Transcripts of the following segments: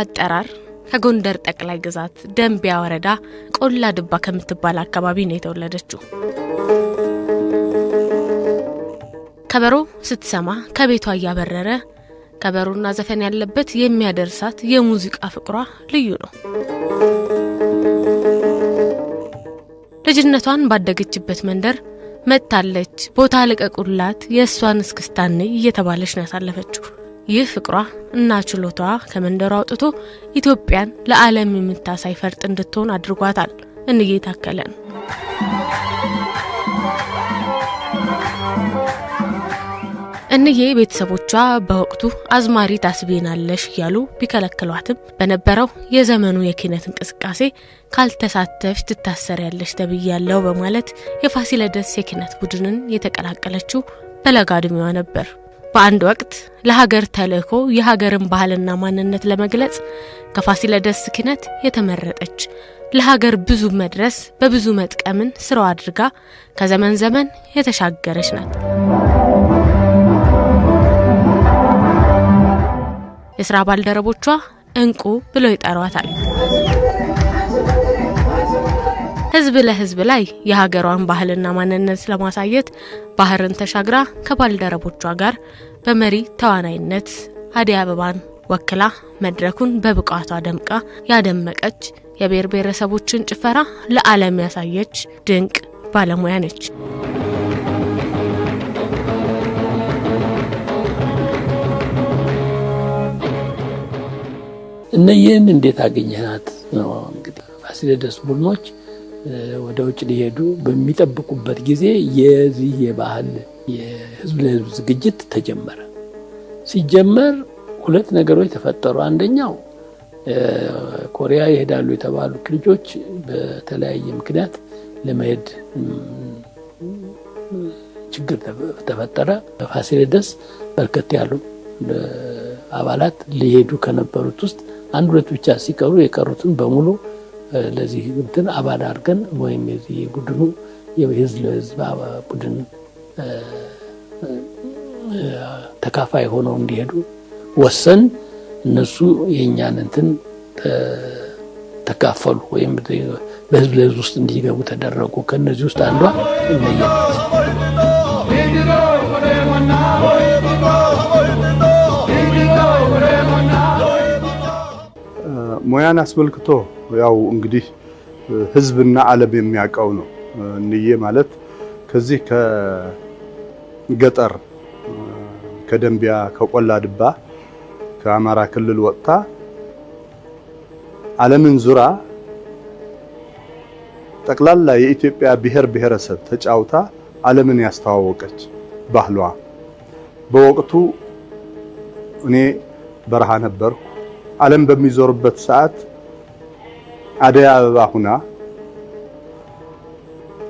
አጠራር ከጎንደር ጠቅላይ ግዛት ደንቢያ ወረዳ ቆላ ድባ ከምትባል አካባቢ ነው የተወለደችው። ከበሮ ስትሰማ ከቤቷ እያበረረ ከበሮና ዘፈን ያለበት የሚያደርሳት የሙዚቃ ፍቅሯ ልዩ ነው። ልጅነቷን ባደገችበት መንደር መጥታለች ቦታ ልቀቁላት የእሷን እስክስታኔ እየተባለች ነው ያሳለፈችው። ይህ ፍቅሯ እና ችሎታዋ ከመንደሯ አውጥቶ ኢትዮጵያን ለዓለም የምታሳይ ፈርጥ እንድትሆን አድርጓታል። እንዬ ታከለ ነው። እንዬ ቤተሰቦቿ በወቅቱ አዝማሪ ታስቢናለሽ እያሉ ቢከለክሏትም በነበረው የዘመኑ የኪነት እንቅስቃሴ ካልተሳተፍሽ ትታሰሪያለሽ ተብያለው በማለት የፋሲለደስ የኪነት ቡድንን የተቀላቀለችው በለጋ ዕድሜዋ ነበር። በአንድ ወቅት ለሀገር ተልእኮ የሀገርን ባህልና ማንነት ለመግለጽ ከፋሲለደስ ኪነት የተመረጠች ለሀገር ብዙ መድረስ በብዙ መጥቀምን ስራዋ አድርጋ ከዘመን ዘመን የተሻገረች ናት። የስራ ባልደረቦቿ እንቁ ብለው ይጠሯታል። ህዝብ ለህዝብ ላይ የሀገሯን ባህልና ማንነት ለማሳየት ባህርን ተሻግራ ከባልደረቦቿ ጋር በመሪ ተዋናይነት አደይ አበባን ወክላ መድረኩን በብቃቷ ደምቃ ያደመቀች የብሔር ብሔረሰቦችን ጭፈራ ለዓለም ያሳየች ድንቅ ባለሙያ ነች። እነይህን እንዴት አገኘናት ነው እንግዲህ ፋሲለደስ ቡድኖች ወደ ውጭ ሊሄዱ በሚጠብቁበት ጊዜ የዚህ የባህል የህዝብ ለህዝብ ዝግጅት ተጀመረ። ሲጀመር ሁለት ነገሮች ተፈጠሩ። አንደኛው ኮሪያ ይሄዳሉ የተባሉት ልጆች በተለያየ ምክንያት ለመሄድ ችግር ተፈጠረ። በፋሲለደስ በርከት ያሉ አባላት ሊሄዱ ከነበሩት ውስጥ አንድ ሁለት ብቻ ሲቀሩ የቀሩትን በሙሉ ለዚህ እንትን አባል አድርገን ወይም የዚህ ቡድኑ የህዝብ ለህዝብ ቡድን ተካፋይ ሆነው እንዲሄዱ ወሰን እነሱ የእኛን እንትን ተካፈሉ ወይም በህዝብ ለህዝብ ውስጥ እንዲገቡ ተደረጉ። ከእነዚህ ውስጥ አንዷ እነየነት ሙያን አስመልክቶ ያው እንግዲህ ህዝብና ዓለም የሚያውቀው ነው። እንዬ ማለት ከዚህ ከገጠር ከደንቢያ ከቆላ ድባ ከአማራ ክልል ወጥታ ዓለምን ዙራ ጠቅላላ የኢትዮጵያ ብሔር ብሔረሰብ ተጫውታ ዓለምን ያስተዋወቀች ባህሏ በወቅቱ እኔ በረሃ ነበርኩ። ዓለም በሚዞርበት ሰዓት አደይ አበባ ሁና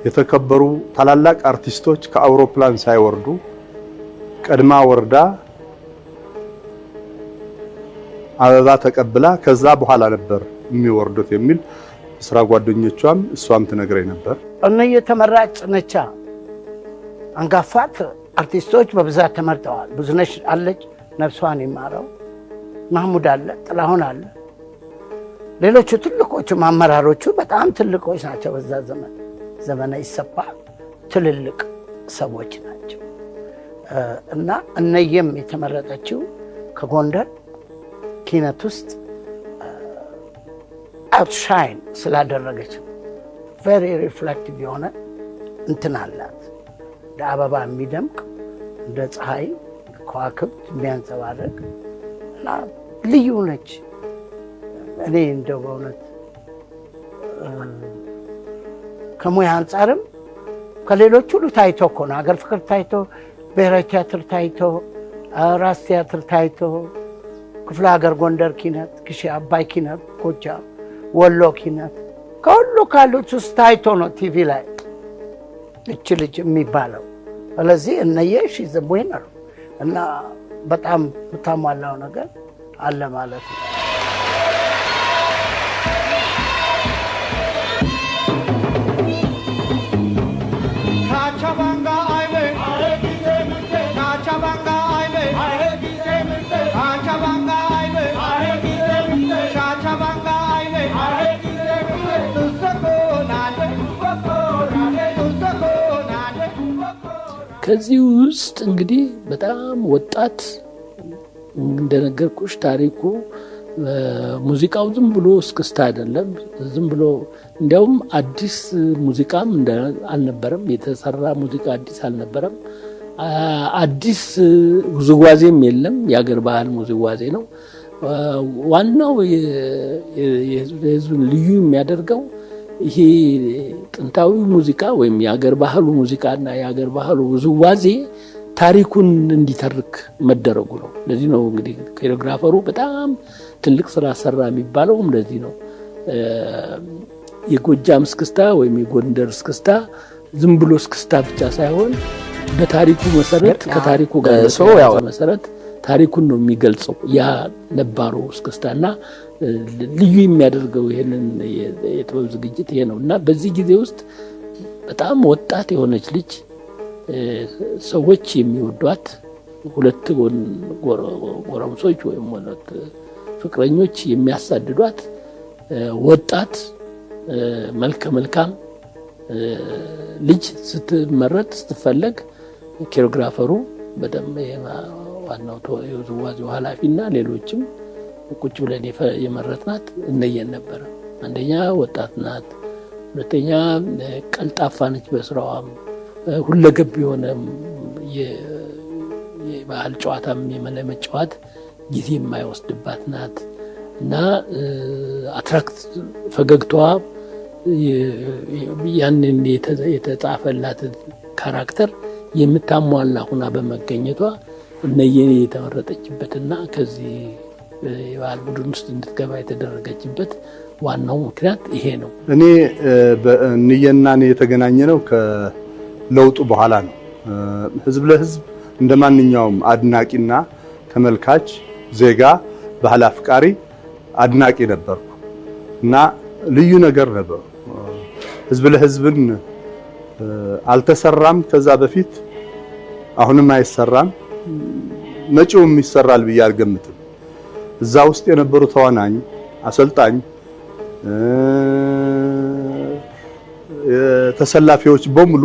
የተከበሩ ታላላቅ አርቲስቶች ከአውሮፕላን ሳይወርዱ ቀድማ ወርዳ አበባ ተቀብላ ከዛ በኋላ ነበር የሚወርዱት የሚል ስራ ጓደኞቿም እሷም ትነግረኝ ነበር። እነየ ተመራጭ ነቻ አንጋፋት አርቲስቶች በብዛት ተመርጠዋል። ብዙነሽ አለች፣ ነፍሷን ይማረው፣ ማህሙድ አለ፣ ጥላሁን አለ ሌሎቹ ትልቆቹም አመራሮቹ በጣም ትልቆች ናቸው። በዛ ዘመን ዘመነ ይሰባ ትልልቅ ሰዎች ናቸው። እና እነየም የተመረጠችው ከጎንደር ኪነት ውስጥ አውትሻይን ስላደረገች ቨሪ ሪፍሌክቲቭ የሆነ እንትን አላት። እንደ አበባ የሚደምቅ እንደ ፀሐይ ከዋክብት የሚያንፀባርቅ እና ልዩ ነች። እኔ እንደው በእውነት ከሙያ አንጻርም ከሌሎች ሁሉ ታይቶ እኮ ነው። ሀገር ፍቅር ታይቶ፣ ብሔራዊ ቲያትር ታይቶ፣ ራስ ቲያትር ታይቶ፣ ክፍለ ሀገር ጎንደር ኪነት፣ ግሽ አባይ ኪነት፣ ጎጃ ወሎ ኪነት ከሁሉ ካሉት ውስጥ ታይቶ ነው ቲቪ ላይ እች ልጅ የሚባለው። ስለዚህ እነየ ሺዝ ዊነር እና በጣም ብታሟላው ነገር አለ ማለት ነው። ከዚህ ውስጥ እንግዲህ በጣም ወጣት እንደነገርኩሽ ታሪኩ ሙዚቃው ዝም ብሎ እስክስታ አይደለም። ዝም ብሎ እንዲያውም አዲስ ሙዚቃም አልነበረም የተሰራ ሙዚቃ አዲስ አልነበረም። አዲስ ውዝዋዜም የለም። የአገር ባህል ውዝዋዜ ነው። ዋናው የህዝብን ልዩ የሚያደርገው ይሄ ጥንታዊ ሙዚቃ ወይም የአገር ባህሉ ሙዚቃ እና የአገር ባህሉ ውዝዋዜ ታሪኩን እንዲተርክ መደረጉ ነው። ለዚህ ነው እንግዲህ ኮሪዮግራፈሩ በጣም ትልቅ ስራ ሰራ የሚባለው እንደዚህ ነው። የጎጃም እስክስታ ወይም የጎንደር እስክስታ ዝም ብሎ እስክስታ ብቻ ሳይሆን በታሪኩ መሰረት ከታሪኩ ጋር መሰረት ታሪኩን ነው የሚገልጸው ያ ነባሩ እስክስታና ልዩ የሚያደርገው ይህንን የጥበብ ዝግጅት ይሄ ነው እና በዚህ ጊዜ ውስጥ በጣም ወጣት የሆነች ልጅ ሰዎች የሚወዷት ሁለት ጎረምሶች ወይም ሁለት ፍቅረኞች የሚያሳድዷት ወጣት መልከ መልካም ልጅ ስትመረጥ ስትፈለግ ኪሮግራፈሩ በደንብ ዋናው የውዝዋዜው ኃላፊና ሌሎችም ቁጭ ብለን የመረጥናት እነየን ነበረ። አንደኛ ወጣት ናት፣ ሁለተኛ ቀልጣፋ ነች፣ በስራዋም ሁለገብ የሆነ የባህል ጨዋታም የመጫወት ጊዜ የማይወስድባት ናት እና አትራክት ፈገግታዋ ያንን የተጻፈላት ካራክተር የምታሟላ ሁና በመገኘቷ እነየ የተመረጠችበትና ከዚህ የባህል ቡድን ውስጥ እንድትገባ የተደረገችበት ዋናው ምክንያት ይሄ ነው። እኔ እንየና እኔ የተገናኘ ነው ከለውጡ በኋላ ነው። ህዝብ ለህዝብ እንደ ማንኛውም አድናቂና ተመልካች ዜጋ ባህል አፍቃሪ አድናቂ ነበርኩ እና ልዩ ነገር ነበር። ህዝብ ለህዝብን አልተሰራም ከዛ በፊት አሁንም አይሰራም። መጪውም ይሰራል ብዬ አልገምትም። እዛ ውስጥ የነበሩ ተዋናኝ፣ አሰልጣኝ፣ ተሰላፊዎች በሙሉ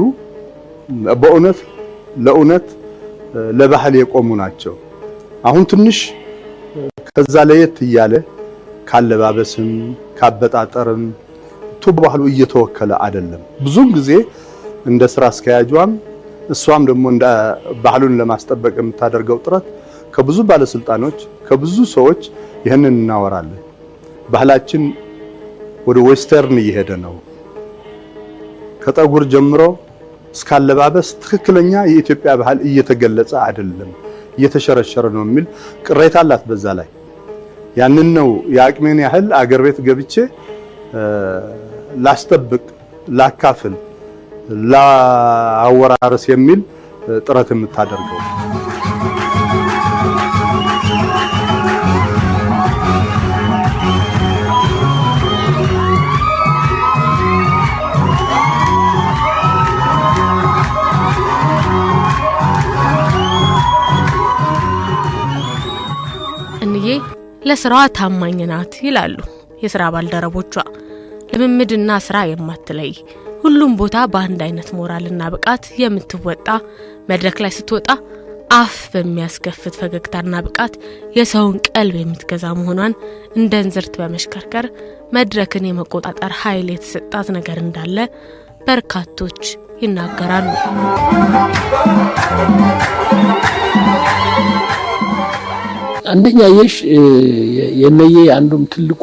በእውነት ለእውነት ለባህል የቆሙ ናቸው። አሁን ትንሽ ከዛ ለየት እያለ ካለባበስም ካበጣጠርም ቱ ባህሉ እየተወከለ አይደለም። ብዙም ጊዜ እንደ ስራ አስኪያጇም እሷም ደግሞ እንደ ባህሉን ለማስጠበቅ የምታደርገው ጥረት ከብዙ ባለስልጣኖች ከብዙ ሰዎች ይህንን እናወራለን። ባህላችን ወደ ዌስተርን እየሄደ ነው። ከጠጉር ጀምሮ እስከ አለባበስ ትክክለኛ የኢትዮጵያ ባህል እየተገለጸ አይደለም፣ እየተሸረሸረ ነው የሚል ቅሬታ አላት። በዛ ላይ ያንን ነው የአቅሜን ያህል አገር ቤት ገብቼ ላስጠብቅ፣ ላካፍል ለአወራረስ የሚል ጥረት የምታደርገው እንዬ ለስራዋ ታማኝ ናት ይላሉ የስራ ባልደረቦቿ። ልምምድና ስራ የማትለይ ሁሉም ቦታ በአንድ አይነት ሞራልና ብቃት የምትወጣ መድረክ ላይ ስትወጣ አፍ በሚያስከፍት ፈገግታና ብቃት የሰውን ቀልብ የምትገዛ መሆኗን እንደ እንዝርት በመሽከርከር መድረክን የመቆጣጠር ኃይል የተሰጣት ነገር እንዳለ በርካቶች ይናገራሉ። አንደኛ የሽ የነዬ አንዱም ትልቁ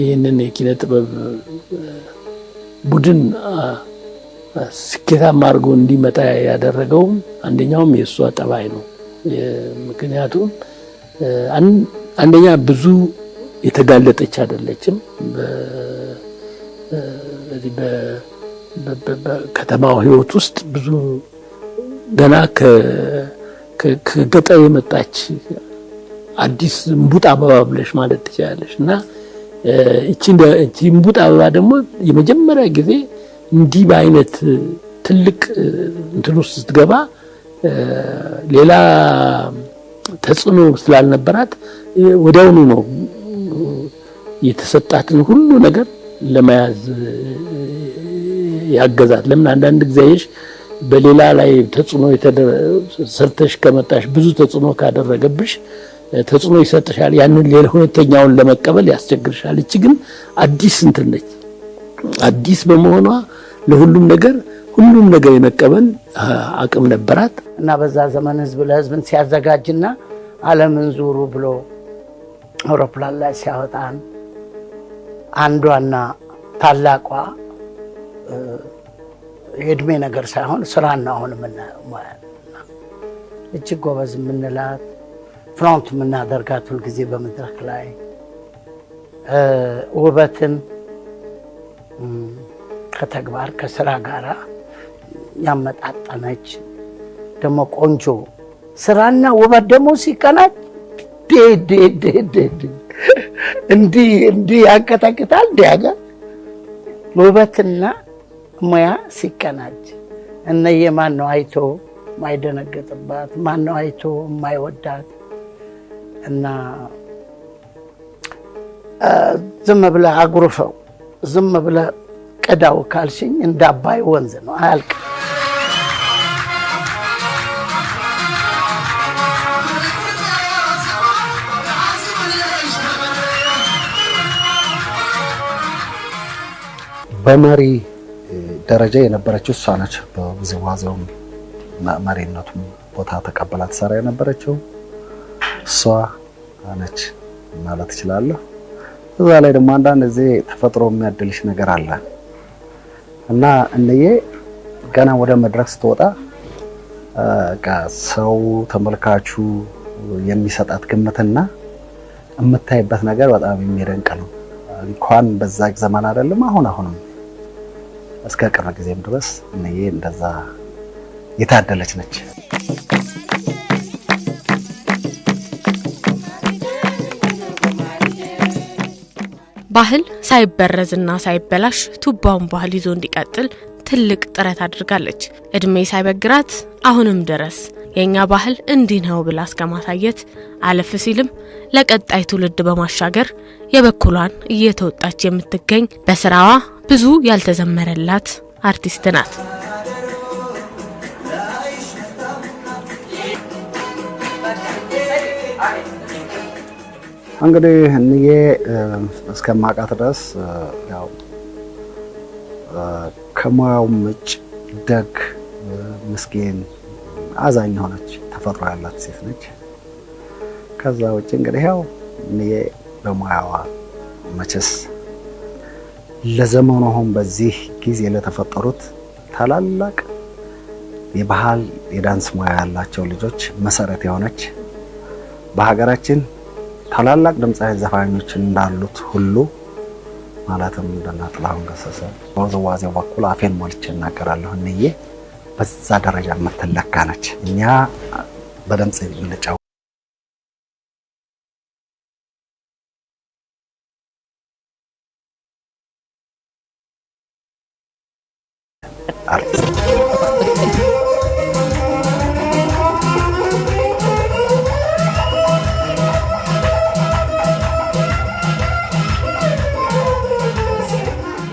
ይህንን የኪነ ጥበብ ቡድን ስኬታማ አድርጎ እንዲመጣ ያደረገውም አንደኛውም የእሷ ጠባይ ነው። ምክንያቱም አንደኛ ብዙ የተጋለጠች አይደለችም። ከተማው ህይወት ውስጥ ብዙ ገና ከገጠር የመጣች አዲስ እምቡጥ አበባ ብለሽ ማለት ትችላለሽ። እና እቺ እምቡጥ አበባ ደግሞ የመጀመሪያ ጊዜ እንዲህ በአይነት ትልቅ እንትን ውስጥ ስትገባ ሌላ ተጽዕኖ ስላልነበራት ወዲያውኑ ነው የተሰጣትን ሁሉ ነገር ለመያዝ ያገዛት። ለምን አንዳንድ ጊዜ ይሽ በሌላ ላይ ተጽዕኖ ሰርተሽ ከመጣሽ ብዙ ተጽዕኖ ካደረገብሽ ተጽዕኖ ይሰጥሻል። ያንን ሌላ ሁለተኛውን ለመቀበል ያስቸግርሻል። እች ግን አዲስ እንትን ነች። አዲስ በመሆኗ ለሁሉም ነገር ሁሉም ነገር የመቀበል አቅም ነበራት እና በዛ ዘመን ህዝብ ለህዝብን ሲያዘጋጅና ዓለምን ዙሩ ብሎ አውሮፕላን ላይ ሲያወጣን አንዷና ታላቋ የእድሜ ነገር ሳይሆን ስራና አሁን የምናየው እጅግ ጎበዝ የምንላት ፍራንት የምናደርጋት ሁልጊዜ በመድረክ ላይ ውበትን ከተግባር ከስራ ጋር ያመጣጠነች ደግሞ ቆንጆ ስራና ውበት ደግሞ ሲቀናጅ እንዲህ እንዲህ ያንቀጠቅጣል። እንዲ ሀገር ውበትና ሙያ ሲቀናጅ እነየ ማን ነው አይቶ ማይደነገጥባት? ማን ነው አይቶ የማይወዳት? እና ዝም ብለህ አጉርፈው ዝም ብለህ ቅዳው ካልሽኝ እንደ አባይ ወንዝ ነው አያልቅም። በመሪ ደረጃ የነበረችው እሷ ነች። በውዝዋዜውም መሪነቱም ቦታ ተቀብላ ትሰራ የነበረችው እሷ ነች ማለት እችላለሁ። እዛ ላይ ደግሞ አንዳንድ ጊዜ ተፈጥሮ የሚያድልሽ ነገር አለ እና እንዬ ገና ወደ መድረክ ስትወጣ ሰው ተመልካቹ የሚሰጣት ግምትና የምታይበት ነገር በጣም የሚደንቅ ነው። እንኳን በዛ ዘመን አይደለም አሁን አሁንም እስከ ቅርብ ጊዜም ድረስ እንዬ እንደዛ የታደለች ነች። ባህል ሳይበረዝና ሳይበላሽ ቱባውን ባህል ይዞ እንዲቀጥል ትልቅ ጥረት አድርጋለች። እድሜ ሳይበግራት አሁንም ድረስ የእኛ ባህል እንዲህ ነው ብላ እስከ ማሳየት አለፍ ሲልም ለቀጣይ ትውልድ በማሻገር የበኩሏን እየተወጣች የምትገኝ በስራዋ ብዙ ያልተዘመረላት አርቲስት ናት። እንግዲህ እንዬ እስከማውቃት ድረስ ያው ከሙያውም ውጭ ደግ፣ ምስኪን፣ አዛኝ የሆነች ተፈጥሮ ያላት ሴት ነች። ከዛ ውጭ እንግዲህ ያው እንዬ በሙያዋ መቼስ ለዘመኑ አሁን በዚህ ጊዜ ለተፈጠሩት ታላላቅ የባህል የዳንስ ሙያ ያላቸው ልጆች መሰረት የሆነች በሀገራችን ታላላቅ ድምፃዊ ዘፋኞች እንዳሉት ሁሉ ማለትም እንደና ጥላሁን ገሰሰ በውዝዋዜው በኩል አፌን ሞልቼ እናገራለሁ። እንዬ በዛ ደረጃ የምትለካ ነች። እኛ በድምፅ የምንጫወ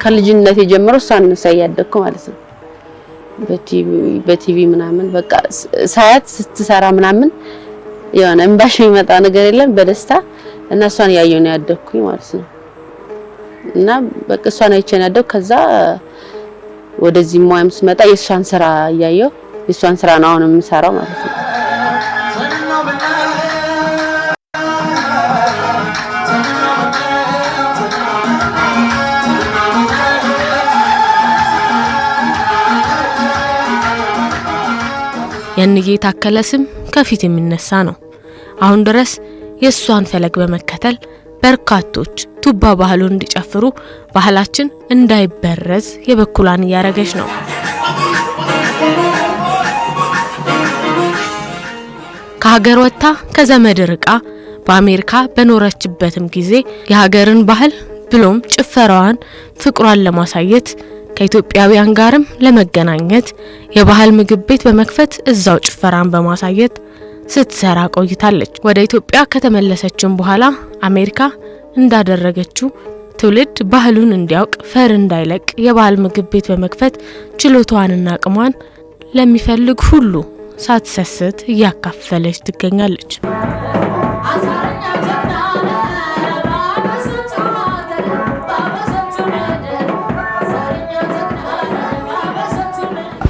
ከልጅነት የጀምሮ እሷን ሳያደግኩ ማለት ነው። በቲቪ ምናምን በቃ ሳያት ስትሰራ ምናምን የሆነ እንባሽ የሚመጣ ነገር የለም በደስታ እና እሷን ያየሁ ነው ያደግኩኝ ማለት ነው። እና በቃ እሷን አይቼ ነው ያደግኩ። ከዛ ወደዚህ ሙያም ስመጣ የእሷን ስራ እያየሁ የእሷን ስራ ነው አሁን የምሰራው ማለት ነው። ያንዬ የታከለ ስም ከፊት የሚነሳ ነው። አሁን ድረስ የእሷን ፈለግ በመከተል በርካቶች ቱባ ባህሉን እንዲጨፍሩ ባህላችን እንዳይበረዝ የበኩሏን እያደረገች ነው። ከሀገር ወጥታ ከዘመድ ርቃ በአሜሪካ በኖረችበትም ጊዜ የሀገርን ባህል ብሎም ጭፈራዋን፣ ፍቅሯን ለማሳየት ከኢትዮጵያውያን ጋርም ለመገናኘት የባህል ምግብ ቤት በመክፈት እዛው ጭፈራን በማሳየት ስትሰራ ቆይታለች። ወደ ኢትዮጵያ ከተመለሰችም በኋላ አሜሪካ እንዳደረገችው ትውልድ ባህሉን እንዲያውቅ ፈር እንዳይለቅ የባህል ምግብ ቤት በመክፈት ችሎታዋንና አቅሟን ለሚፈልግ ሁሉ ሳትሰስት እያካፈለች ትገኛለች።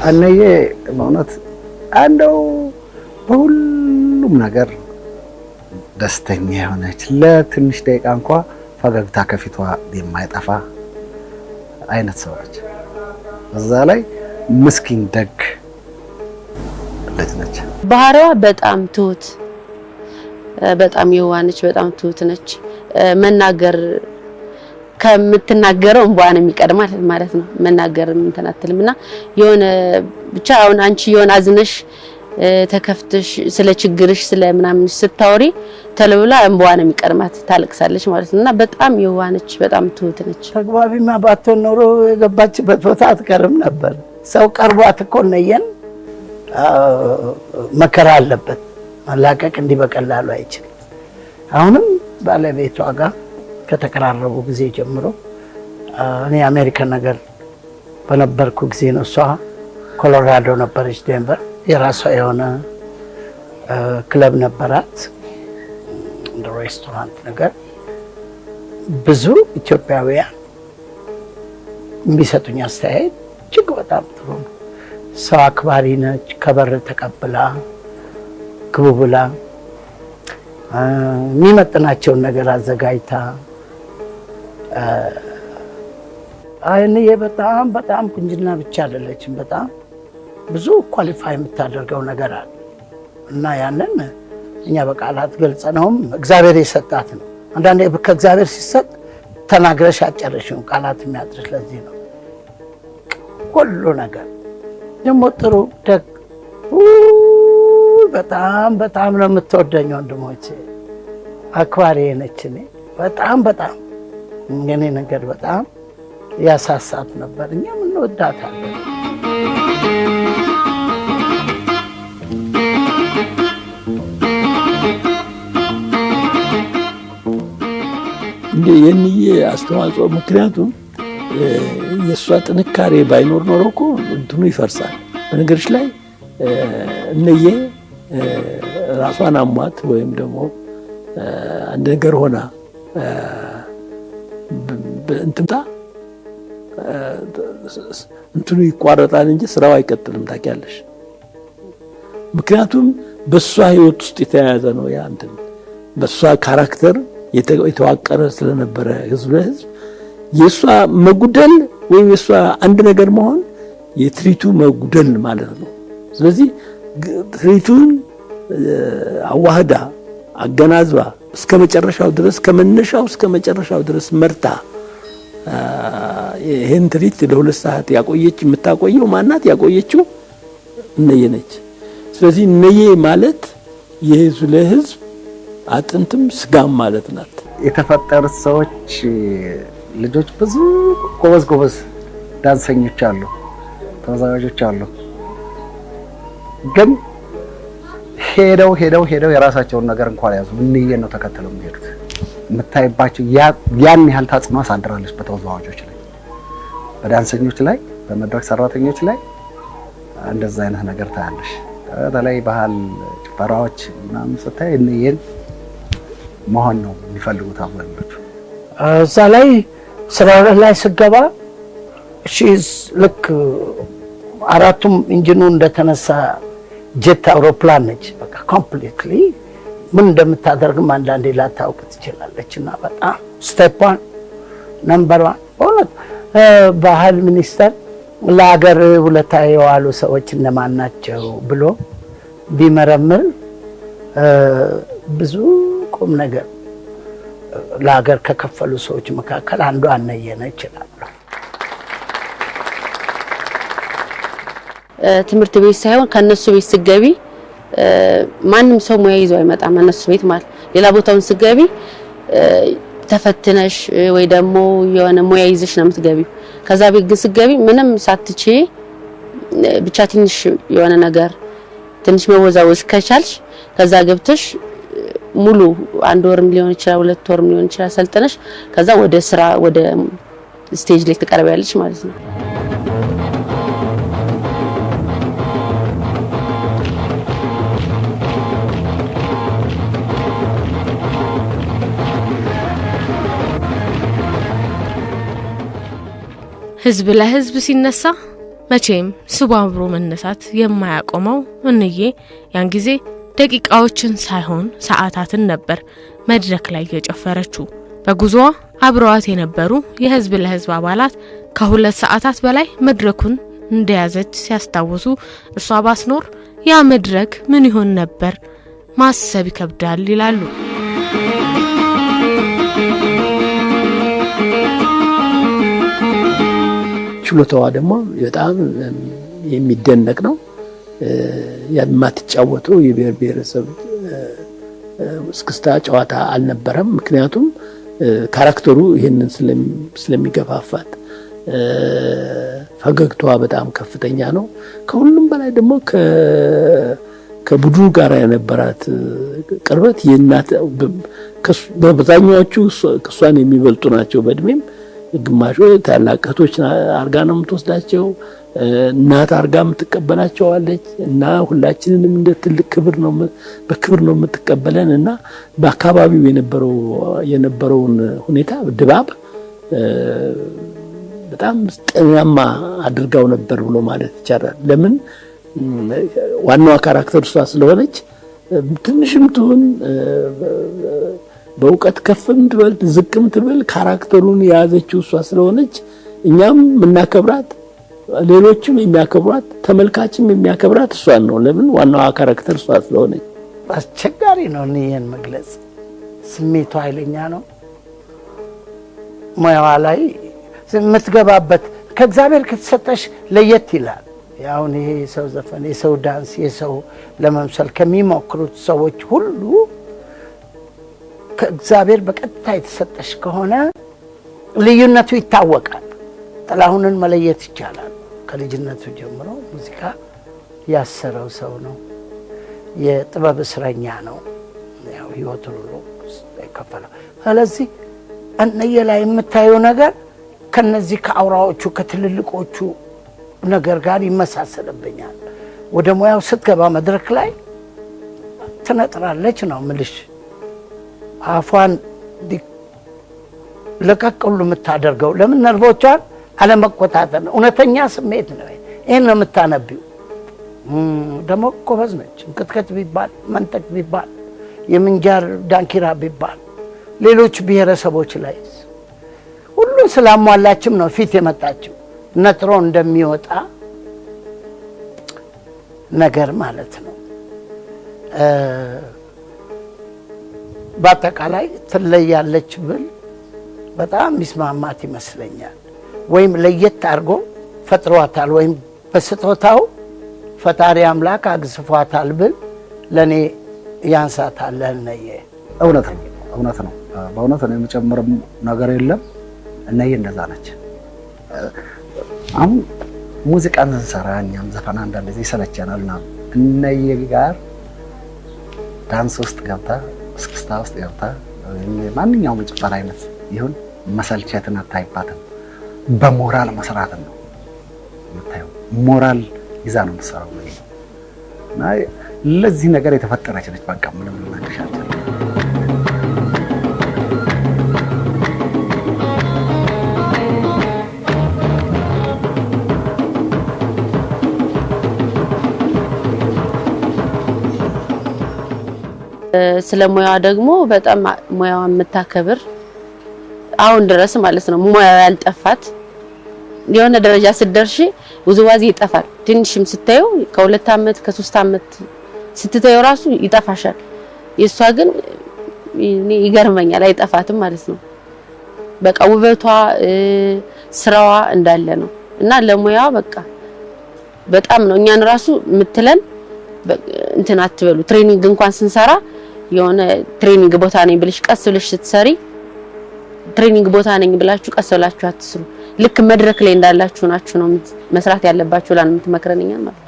እነዬ በእውነት እንደው በሁሉም ነገር ደስተኛ የሆነች ለትንሽ ደቂቃ እንኳ ፈገግታ ከፊቷ የማይጠፋ አይነት ሰው ነች። እዛ ላይ ምስኪን ደግ ልጅ ነች። ባህሪዋ በጣም ትሁት፣ በጣም የዋህ ነች። በጣም ትሁት ነች መናገር ከምትናገረው እንቧን የሚቀድማል ማለት ነው። መናገር እንትን አትልም እና የሆነ ብቻ አሁን አንቺ የሆነ አዝነሽ ተከፍተሽ ስለ ችግርሽ ስለ ምናምን ስታወሪ ተለብላ እንቧን የሚቀድማት ታለቅሳለች ማለት ነው። እና በጣም የዋነች በጣም ትሁት ነች። ተግባቢማ ባትሆን ኖሮ የገባችበት ቦታ አትቀርም ነበር። ሰው ቀርቧት እኮ ነየን መከራ አለበት መላቀቅ እንዲህ በቀላሉ አይችልም። አሁንም ባለቤቷ ጋር ከተቀራረቡ ጊዜ ጀምሮ እኔ አሜሪካን ነገር በነበርኩ ጊዜ ነው። እሷ ኮሎራዶ ነበረች፣ ዴንቨር የራሷ የሆነ ክለብ ነበራት፣ እንደ ሬስቶራንት ነገር። ብዙ ኢትዮጵያውያን የሚሰጡኝ አስተያየት እጅግ በጣም ጥሩ ነው። ሰው አክባሪ ነች። ከበር ተቀብላ ግቡ ብላ የሚመጥናቸውን ነገር አዘጋጅታ አይንዬ በጣም በጣም ቁንጅና ብቻ አይደለችም። በጣም ብዙ ኳሊፋይ የምታደርገው ነገር አለ እና ያንን እኛ በቃላት ገልጸ ነውም እግዚአብሔር የሰጣት ነው። አንዳንዴ ከእግዚአብሔር ሲሰጥ ተናግረሽ አጨረሽም ቃላት የሚያጥርሽ ለዚህ ነው። ሁሉ ነገር ደግሞ ጥሩ ደግ በጣም በጣም ነው የምትወደኝ። ወንድሞቼ። አክባሪ ነች። እኔ በጣም በጣም የእኔ ነገር በጣም ያሳሳት ነበር። እኛም እንወዳታለን። እንደ የእንዬ አስተዋጽኦ ምክንያቱም የእሷ ጥንካሬ ባይኖር ኖሮ እኮ እንትኑ ይፈርሳል። በነገሮች ላይ እነዬ ራሷን አሟት ወይም ደግሞ አንድ ነገር ሆና እንትምታ እንትኑ ይቋረጣል እንጂ ስራው አይቀጥልም። ታውቂያለሽ። ምክንያቱም በእሷ ህይወት ውስጥ የተያያዘ ነው። ያ እንትን በእሷ ካራክተር የተዋቀረ ስለነበረ ህዝብ ለህዝብ የእሷ መጉደል ወይም የእሷ አንድ ነገር መሆን የትሪቱ መጉደል ማለት ነው። ስለዚህ ትሪቱን አዋህዳ አገናዝባ እስከ መጨረሻው ድረስ ከመነሻው እስከ መጨረሻው ድረስ መርታ ይህን ትርኢት ለሁለት ሰዓት ያቆየች የምታቆየው ማናት? ያቆየችው እነየ ነች። ስለዚህ እነየ ማለት የህዝብ ለህዝብ አጥንትም ስጋም ማለት ናት። የተፈጠሩት ሰዎች ልጆች ብዙ ጎበዝ ጎበዝ ዳንሰኞች አሉ፣ ተወዛዋዦች አሉ። ግን ሄደው ሄደው ሄደው የራሳቸውን ነገር እንኳን ያዙ። እንዬን ነው ተከትለው የሚሄዱት። የምታይባቸው ያን ያህል ተጽዕኖ አሳድራለች በተወዛዋዦች ላይ፣ በዳንሰኞች ላይ፣ በመድረክ ሰራተኞች ላይ እንደዛ አይነት ነገር ታያለሽ። በተለይ ባህል ጭፈራዎች ምናምን ስታይ እንየን መሆን ነው የሚፈልጉት አብዛኞቹ። እዛ ላይ ስራ ላይ ስገባ ልክ አራቱም ኢንጂኑ እንደተነሳ ጀት አውሮፕላን ነች በቃ ኮምፕሊትሊ ምን እንደምታደርግም አንዳንዴ ላታውቅ ትችላለች። እና በጣም ስቴፕዋን ነምበር ዋን በእውነት ባህል ሚኒስተር ለሀገር ውለታ የዋሉ ሰዎች እነማን ናቸው ብሎ ቢመረምር ብዙ ቁም ነገር ለሀገር ከከፈሉ ሰዎች መካከል አንዱ አነየነ ይችላሉ። ትምህርት ቤት ሳይሆን ከእነሱ ቤት ስገቢ ማንም ሰው ሙያ ይዞ አይመጣም እነሱ ቤት ማለት ሌላ ቦታውን ስገቢ ተፈትነሽ ወይ ደግሞ የሆነ ሙያ ይዘሽ ነው የምትገቢው። ከዛ ቤት ግን ስገቢ ምንም ሳትቺ ብቻ ትንሽ የሆነ ነገር ትንሽ መወዛወዝ ከቻልሽ ከዛ ገብተሽ ሙሉ አንድ ወርም ሊሆን ይችላል፣ ሁለት ወርም ሊሆን ይችላል ሰልጥነሽ ከዛ ወደ ስራ ወደ ስቴጅ ላይ ትቀርቢያለሽ ማለት ነው። ህዝብ ለህዝብ ሲነሳ መቼም ስቡ አብሮ መነሳት የማያቆመው እንዬ ያን ጊዜ ደቂቃዎችን ሳይሆን ሰዓታትን ነበር መድረክ ላይ የጨፈረችው። በጉዞዋ አብረዋት የነበሩ የህዝብ ለህዝብ አባላት ከሁለት ሰዓታት በላይ መድረኩን እንደያዘች ሲያስታውሱ እርሷ ባስኖር ያ መድረክ ምን ይሆን ነበር ማሰብ ይከብዳል ይላሉ። ችሎታዋ ደግሞ በጣም የሚደነቅ ነው። የማትጫወተው የብሔር ብሔረሰብ እስክስታ ጨዋታ አልነበረም። ምክንያቱም ካራክተሩ ይህንን ስለሚገፋፋት፣ ፈገግታዋ በጣም ከፍተኛ ነው። ከሁሉም በላይ ደግሞ ከቡድኑ ጋር የነበራት ቅርበት የእናት በአብዛኛዎቹ እሷን የሚበልጡ ናቸው በእድሜም ግማሾች ታላቅ እህቶች አርጋ ነው የምትወስዳቸው፣ እናት አርጋ የምትቀበላቸዋለች እና ሁላችንንም እንደ ትልቅ ክብር ነው በክብር ነው የምትቀበለን እና በአካባቢው የነበረው የነበረውን ሁኔታ ድባብ በጣም ጤናማ አድርጋው ነበር ብሎ ማለት ይቻላል። ለምን ዋናዋ ካራክተር እሷ ስለሆነች ትንሽም ትሁን በእውቀት ከፍም ትበል ዝቅም ትበል ካራክተሩን የያዘችው እሷ ስለሆነች እኛም የምናከብራት ሌሎችም የሚያከብሯት ተመልካችም የሚያከብራት እሷን ነው። ለምን ዋናዋ ካራክተር እሷ ስለሆነች። አስቸጋሪ ነው ይህን መግለጽ። ስሜቱ ኃይለኛ ነው። ሙያዋ ላይ የምትገባበት ከእግዚአብሔር ከተሰጠሽ ለየት ይላል። አሁን ይሄ የሰው ዘፈን፣ የሰው ዳንስ፣ የሰው ለመምሰል ከሚሞክሩት ሰዎች ሁሉ ከእግዚአብሔር በቀጥታ የተሰጠሽ ከሆነ ልዩነቱ ይታወቃል። ጥላሁንን መለየት ይቻላል። ከልጅነቱ ጀምሮ ሙዚቃ ያሰረው ሰው ነው። የጥበብ እስረኛ ነው። ያው ህይወቱን ሁሉ የከፈለው። ስለዚህ እነየ ላይ የምታየው ነገር ከነዚህ ከአውራዎቹ ከትልልቆቹ ነገር ጋር ይመሳሰልብኛል። ወደ ሙያው ስትገባ መድረክ ላይ ትነጥራለች ነው ምልሽ። አፏን ለቀቅ የምታደርገው ለምን ነርቮቿን አለመቆጣጠር ነው። እውነተኛ ስሜት ነው። ይህን ነው የምታነቢው። ደግሞ ጎበዝ ነች። እንቅጥቅጥ ቢባል መንጠቅ ቢባል የምንጃር ዳንኪራ ቢባል ሌሎች ብሔረሰቦች ላይ ሁሉን ስላሟላችም ነው ፊት የመጣችው ነጥሮ እንደሚወጣ ነገር ማለት ነው። በአጠቃላይ ትለያለች ብል በጣም ሚስማማት ይመስለኛል። ወይም ለየት አድርጎ ፈጥሯታል ወይም በስጦታው ፈጣሪ አምላክ አግዝፏታል ብል ለእኔ ያንሳታል። እነየ እውነት ነው፣ እውነት ነው። በእውነት ነው የምጨምርም ነገር የለም። እነዬ እንደዛ ነች። አሁን ሙዚቃን ስንሰራ እኛም ዘፈን አንዳንድ ጊዜ ይሰለቸናል። እነዬ ጋር ዳንስ ውስጥ ገብታ እስክስታ ውስጥ ገብታ ማንኛውም የጭፈራ አይነት ይሁን መሰልቸትን አታይባትም። በሞራል መስራትን ነው የምታየው። ሞራል ይዛ ነው የምትሰራው ለዚህ ነገር የተፈጠረች ነች። በቃ ምንም ልናገሻቸው ስለ ሙያዋ ደግሞ በጣም ሙያዋን የምታከብር አሁን ድረስ ማለት ነው ሙያዋ ያልጠፋት የሆነ ደረጃ ስትደርሺ ውዝዋዜ ይጠፋል። ትንሽም ስታዩ ከሁለት ዓመት ከሶስት ዓመት ስትታዩ ራሱ ይጠፋሻል። የእሷ ግን ይገርመኛል፣ አይጠፋትም ማለት ነው። በቃ ውበቷ ስራዋ እንዳለ ነው እና ለሙያዋ በቃ በጣም ነው እኛን ራሱ የምትለን እንትን አትበሉ። ትሬኒንግ እንኳን ስንሰራ የሆነ ትሬኒንግ ቦታ ነኝ ብልሽ ቀስ ብልሽ ስትሰሪ ትሬኒንግ ቦታ ነኝ ብላችሁ ቀስ ብላችሁ አትስሩ። ልክ መድረክ ላይ እንዳላችሁ ናችሁ ነው መስራት ያለባችሁ። ላን የምትመክረንኛል ማለት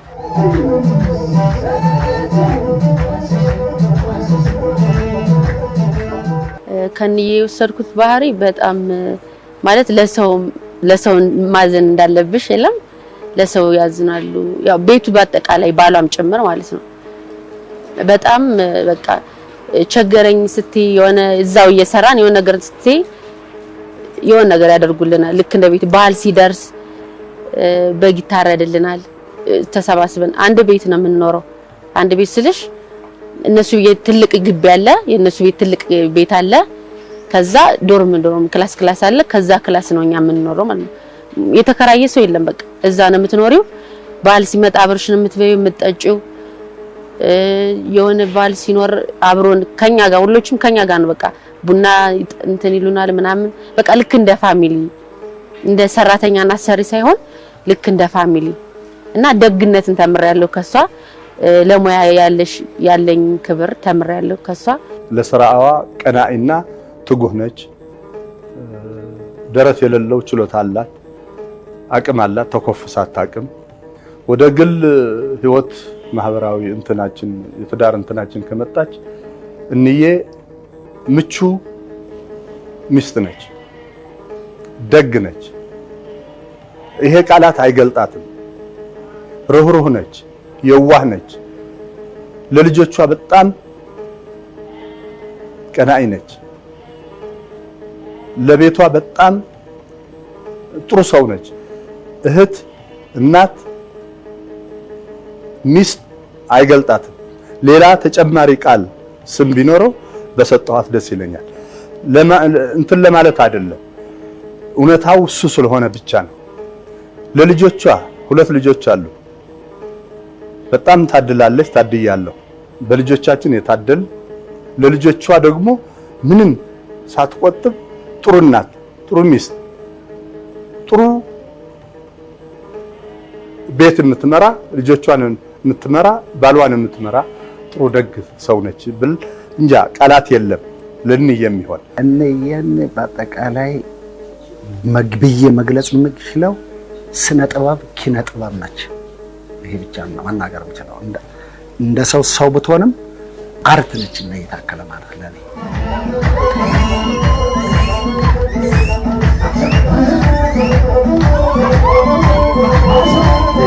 ከንዬ የወሰድኩት ባህሪ በጣም ማለት ለሰው ለሰው ማዘን እንዳለብሽ የለም ለሰው ያዝናሉ። ያው ቤቱ በአጠቃላይ ባሏም ጭምር ማለት ነው። በጣም በቃ ቸገረኝ ስትይ የሆነ እዛው እየሰራን የሆነ ነገር ስትይ የሆነ ነገር ያደርጉልናል። ልክ እንደ ቤት በዓል ሲደርስ በግ ይታረድልናል። ተሰባስበን አንድ ቤት ነው የምንኖረው። አንድ ቤት ስልሽ እነሱ ትልቅ ግቢ አለ፣ የእነሱ ቤት ትልቅ ቤት አለ። ከዛ ዶርም ዶርም፣ ክላስ ክላስ አለ። ከዛ ክላስ ነው እኛ የምንኖረው ማለት ነው። የተከራየ ሰው የለም። በቃ እዛ ነው የምትኖሪው። በዓል ሲመጣ አብርሽን የምትበይው የምትጠጪው የሆነ ባል ሲኖር አብሮን ከኛ ጋር ሁሎችም ከኛ ጋር ነው። በቃ ቡና እንትን ይሉናል ምናምን በቃ ልክ እንደ ፋሚሊ እንደ ሰራተኛና ሰሪ ሳይሆን ልክ እንደ ፋሚሊ እና ደግነትን ተምሬያለሁ ከሷ። ለሙያ ያለሽ ያለኝ ክብር ተምሬያለሁ ከሷ። ለስራዋ ቀናኢና ትጉህ ነች። ደረት የሌለው ችሎታ አላት፣ አቅም አላት። ተኮፍሳት አቅም ወደ ግል ህይወት ማህበራዊ እንትናችን የትዳር እንትናችን ከመጣች እንዬ ምቹ ሚስት ነች፣ ደግ ነች። ይሄ ቃላት አይገልጣትም። ርኅሩህ ነች፣ የዋህ ነች። ለልጆቿ በጣም ቀናኢ ነች። ለቤቷ በጣም ጥሩ ሰው ነች። እህት፣ እናት፣ ሚስት አይገልጣትም። ሌላ ተጨማሪ ቃል ስም ቢኖረው በሰጠኋት ደስ ይለኛል። እንትን ለማለት አይደለም፣ እውነታው እሱ ስለሆነ ብቻ ነው። ለልጆቿ ሁለት ልጆች አሉ። በጣም ታድላለች፣ ታድያለሁ። በልጆቻችን የታደል ለልጆቿ ደግሞ ምንም ሳትቆጥብ ጥሩ እናት፣ ጥሩ ሚስት፣ ጥሩ ቤት የምትመራ ልጆቿን የምትመራ ባሏን የምትመራ ጥሩ ደግ ሰው ነች ብል እንጃ ቃላት የለም። ልንይ የሚሆን እነየን በአጠቃላይ መግብዬ መግለጽ የምችለው ስነ ጥበብ ኪነ ጥበብ ነች። ይሄ ብቻ ነው መናገር የምችለው። እንደ ሰው ሰው ብትሆንም አርት ነች እና የታከለ ማለት ለኔ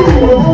Thank